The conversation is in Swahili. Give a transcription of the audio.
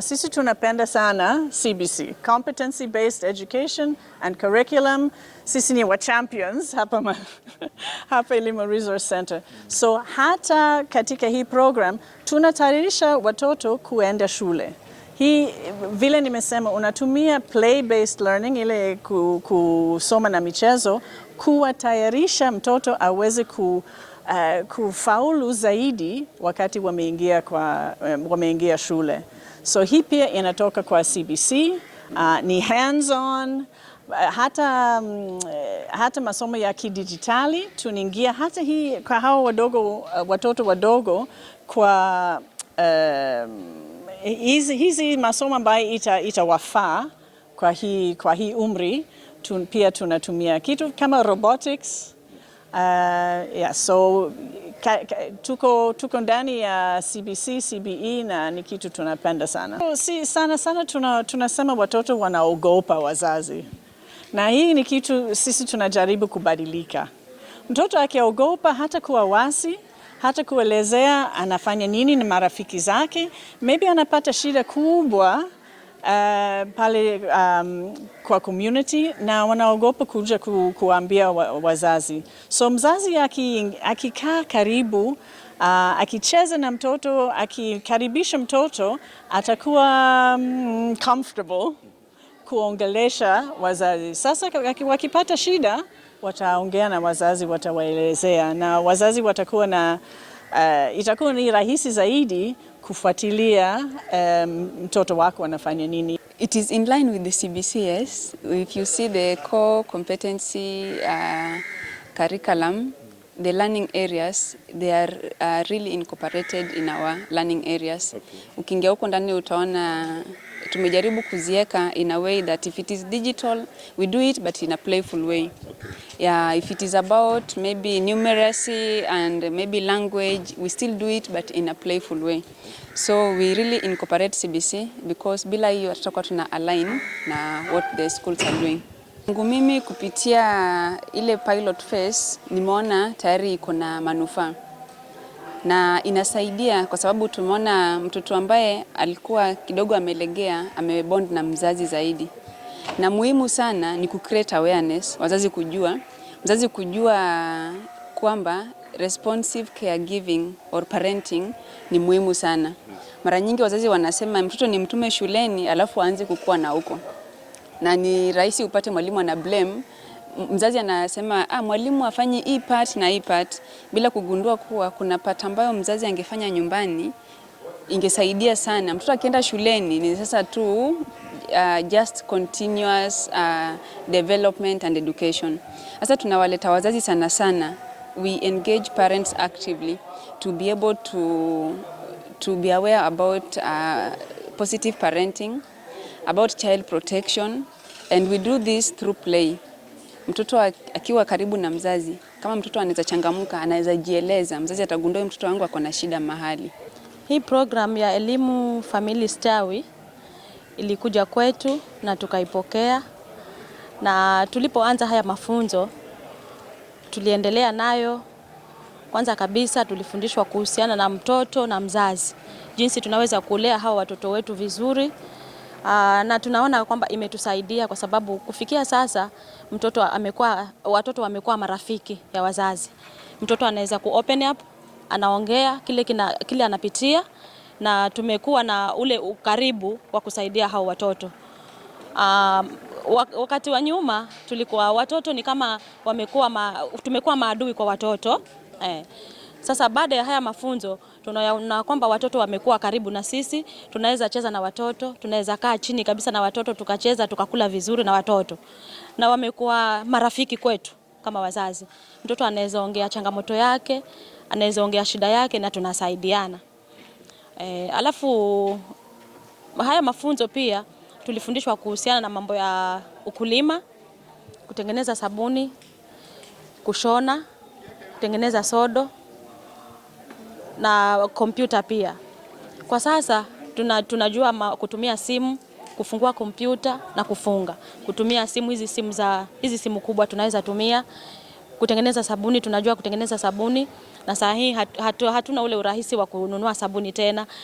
Sisi tunapenda sana CBC, competency based education and curriculum. Sisi ni wa champions hapa, ma, hapa Elimu Resource Center. So hata katika hii program tunatayarisha watoto kuenda shule. Hii vile nimesema, unatumia play based learning ile kusoma na michezo kuwatayarisha mtoto aweze ku Uh, kufaulu zaidi wakati wameingia kwa um, wameingia shule. So hii pia inatoka kwa CBC. Uh, ni hands on uh, hata, um, uh, hata masomo ya kidijitali tunaingia hata hii kwa hawa wadogo, uh, watoto wadogo kwa uh, hizi, hizi masomo ambayo itawafaa ita kwa hii, kwa hii umri tun, pia tunatumia kitu kama robotics Uh, yeah, so ka, ka, tuko, tuko ndani ya CBC CBE na ni kitu tunapenda sana. So, si, sana sana tuna, tunasema watoto wanaogopa wazazi na hii ni kitu sisi tunajaribu kubadilika. Mtoto akiogopa hata kuwa wasi hata kuelezea anafanya nini na marafiki zake, maybe anapata shida kubwa uh, pale um, kwa community na wanaogopa kuja ku, kuambia wazazi. So mzazi akikaa aki karibu Uh, akicheza na mtoto akikaribisha mtoto atakuwa um, comfortable kuongelesha wazazi. Sasa wakipata shida wataongea na wazazi, watawaelezea na wazazi watakuwa na uh, itakuwa ni rahisi zaidi kufuatilia um, mtoto wako anafanya nini. It is in line with the CBCS. If you see the core competency uh, curriculum, the learning areas, they are uh, really incorporated in our learning areas. Okay. Ukiingia huko ndani utaona tumejaribu kuziweka in a way that if it is digital we do it but in a playful way yeah if it is about maybe numeracy and maybe language we still do it but in a playful way so we really incorporate CBC because bila hiyo tutakuwa tuna align na what the schools are doing ngu mimi kupitia ile pilot phase nimeona tayari iko na manufaa na inasaidia kwa sababu tumeona mtoto ambaye alikuwa kidogo amelegea amebond na mzazi zaidi. Na muhimu sana ni ku create awareness, wazazi kujua, mzazi kujua kwamba responsive caregiving or parenting ni muhimu sana. Mara nyingi wazazi wanasema mtoto ni mtume shuleni, alafu aanze kukua na huko, na ni rahisi upate mwalimu ana blame mzazi anasema ah, mwalimu afanye hii part na hii part, bila kugundua kuwa kuna part ambayo mzazi angefanya nyumbani ingesaidia sana. Mtoto akienda shuleni ni sasa tu uh, just continuous uh, development and education. Sasa tunawaleta wazazi sana sana, we engage parents actively to be able to to be aware about uh, positive parenting, about child protection and we do this through play mtoto akiwa karibu na mzazi, kama mtoto anaweza changamuka, anaweza jieleza, mzazi atagundua mtoto wangu ako na shida mahali. Hii program ya elimu Family Stawi ilikuja kwetu na tukaipokea, na tulipoanza haya mafunzo tuliendelea nayo. Kwanza kabisa tulifundishwa kuhusiana na mtoto na mzazi, jinsi tunaweza kulea hawa watoto wetu vizuri. Aa, ah, na tunaona kwamba imetusaidia kwa sababu kufikia sasa mtoto amekuwa, watoto wamekuwa marafiki ya wazazi. Mtoto anaweza ku open up, anaongea kile, kina, kile anapitia na tumekuwa na ule ukaribu wa kusaidia hao watoto. Aa, ah, wakati wa nyuma tulikuwa watoto ni kama wamekuwa ma, tumekuwa maadui kwa watoto eh. Sasa baada ya haya mafunzo tunaona kwamba watoto wamekuwa karibu na sisi, tunaweza cheza na watoto, tunaweza kaa chini kabisa na watoto tukacheza, tukakula vizuri na watoto, na wamekuwa marafiki kwetu kama wazazi. Mtoto anaweza ongea changamoto yake, anaweza ongea shida yake na tunasaidiana. E, alafu haya mafunzo pia tulifundishwa kuhusiana na mambo ya ukulima, kutengeneza sabuni, kushona, kutengeneza sodo na kompyuta pia. Kwa sasa tuna, tunajua ma, kutumia simu kufungua kompyuta na kufunga, kutumia simu hizi simu za hizi simu kubwa tunaweza tumia kutengeneza sabuni, tunajua kutengeneza sabuni na saa hii hatu, hatu, hatuna ule urahisi wa kununua sabuni tena.